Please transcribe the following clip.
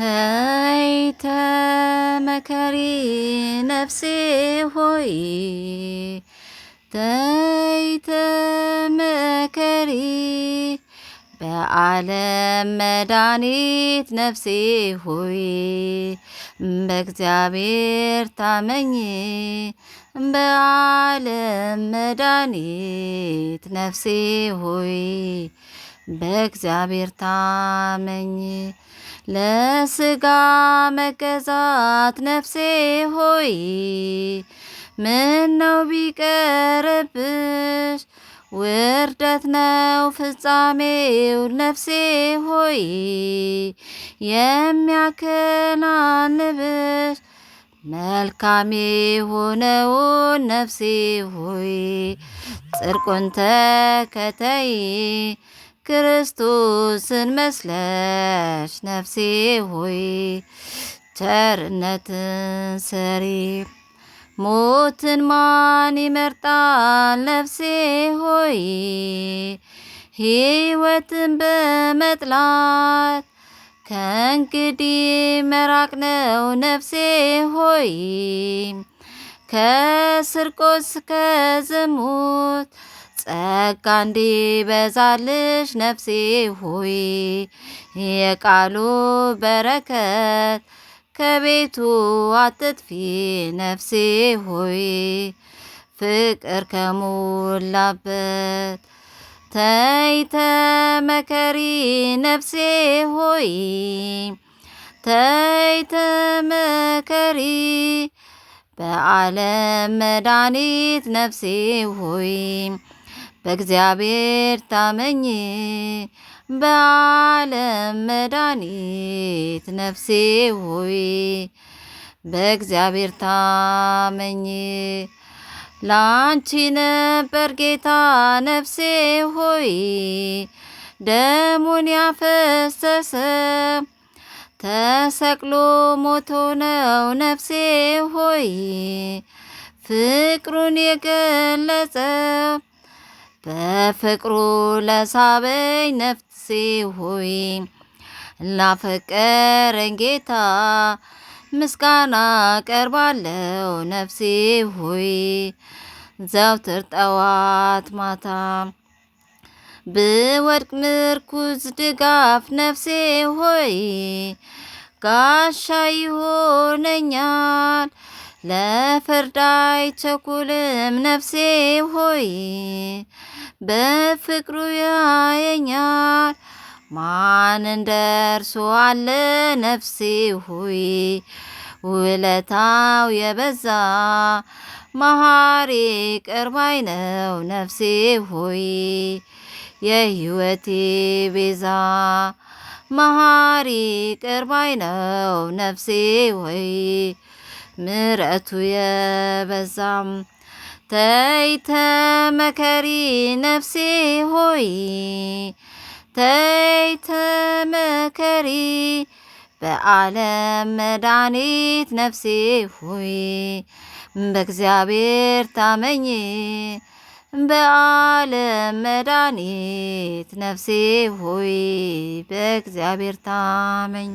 ተይተ መከሪ ነፍሴ ሆይ ተይተ መከሪ በዓለም መድኃኒት ነፍሴ ሆይ በእግዚአብሔር ታመኝ በዓለም መድኃኒት ነፍሴ ሆይ በእግዚአብሔር ታመኝ። ለስጋ መገዛት ነፍሴ ሆይ ነው ቢቀርብሽ ውርደት ነው ፍጻሜው ነፍሴ ሆይ የሚያከናንብሽ መልካም የሆነውን ነፍሴ ሆይ ጽድቁን ተከተይ ክርስቶስን መስለሽ ነፍሴ ሆይ ቸርነትን ሰሪ ሞትን ማን ይመርጣል? ነፍሴ ሆይ ሕይወትን በመጥላት ከእንግዲህ መራቅ ነው። ነፍሴ ሆይ ከስርቆስ ከዝሙት ጸጋ እንዲበዛልሽ ነፍሴ ሆይ የቃሉ በረከት ከቤቱ አትጥፊ ነፍሴ ሆይ ፍቅር ከሞላበት ተይተ መከሪ ነፍሴ ሆይ ተይተ መከሪ በዓለም መድኃኒት ነፍሴ ሆይ በእግዚአብሔር ታመኝ በዓለም መድኃኒት ነፍሴ ሆይ በእግዚአብሔር ታመኝ። ላንቺ ነበር ጌታ ነፍሴ ሆይ ደሙን ያፈሰሰ ተሰቅሎ ሞቶ ነው ነፍሴ ሆይ ፍቅሩን የገለጸው። በፍቅሩ ለሳበኝ ነፍሴ ሆይ ላፈቀረኝ ጌታ ምስጋና ቀርባለው ነፍሴ ሆይ ዘውትር ጠዋት ማታ ብወድቅ ምርኩዝ ድጋፍ ነፍሴ ሆይ ጋሻ ይሆነኛል። ለፍርዳይ ቸኩልም ነፍሴ ሆይ በፍቅሩ ያየኛል። ማን እንደርሱ አለ ነፍሴ ሆይ ውለታው የበዛ መሐሪ ቅርባይ ነው ነፍሴ ሆይ የሕይወቴ ቤዛ መሐሪ ቅርባይ ነው ነፍሴ ሆይ ምረቱ የበዛም ተይተ መከሪ ነፍሴ ሆይ ተይተ መከሪ በዓለም መድኃኒት ነፍሴ ሆይ በእግዚአብሔር ታመኝ በዓለም መድኃኒት ነፍሴ ሆይ በእግዚአብሔር ታመኝ።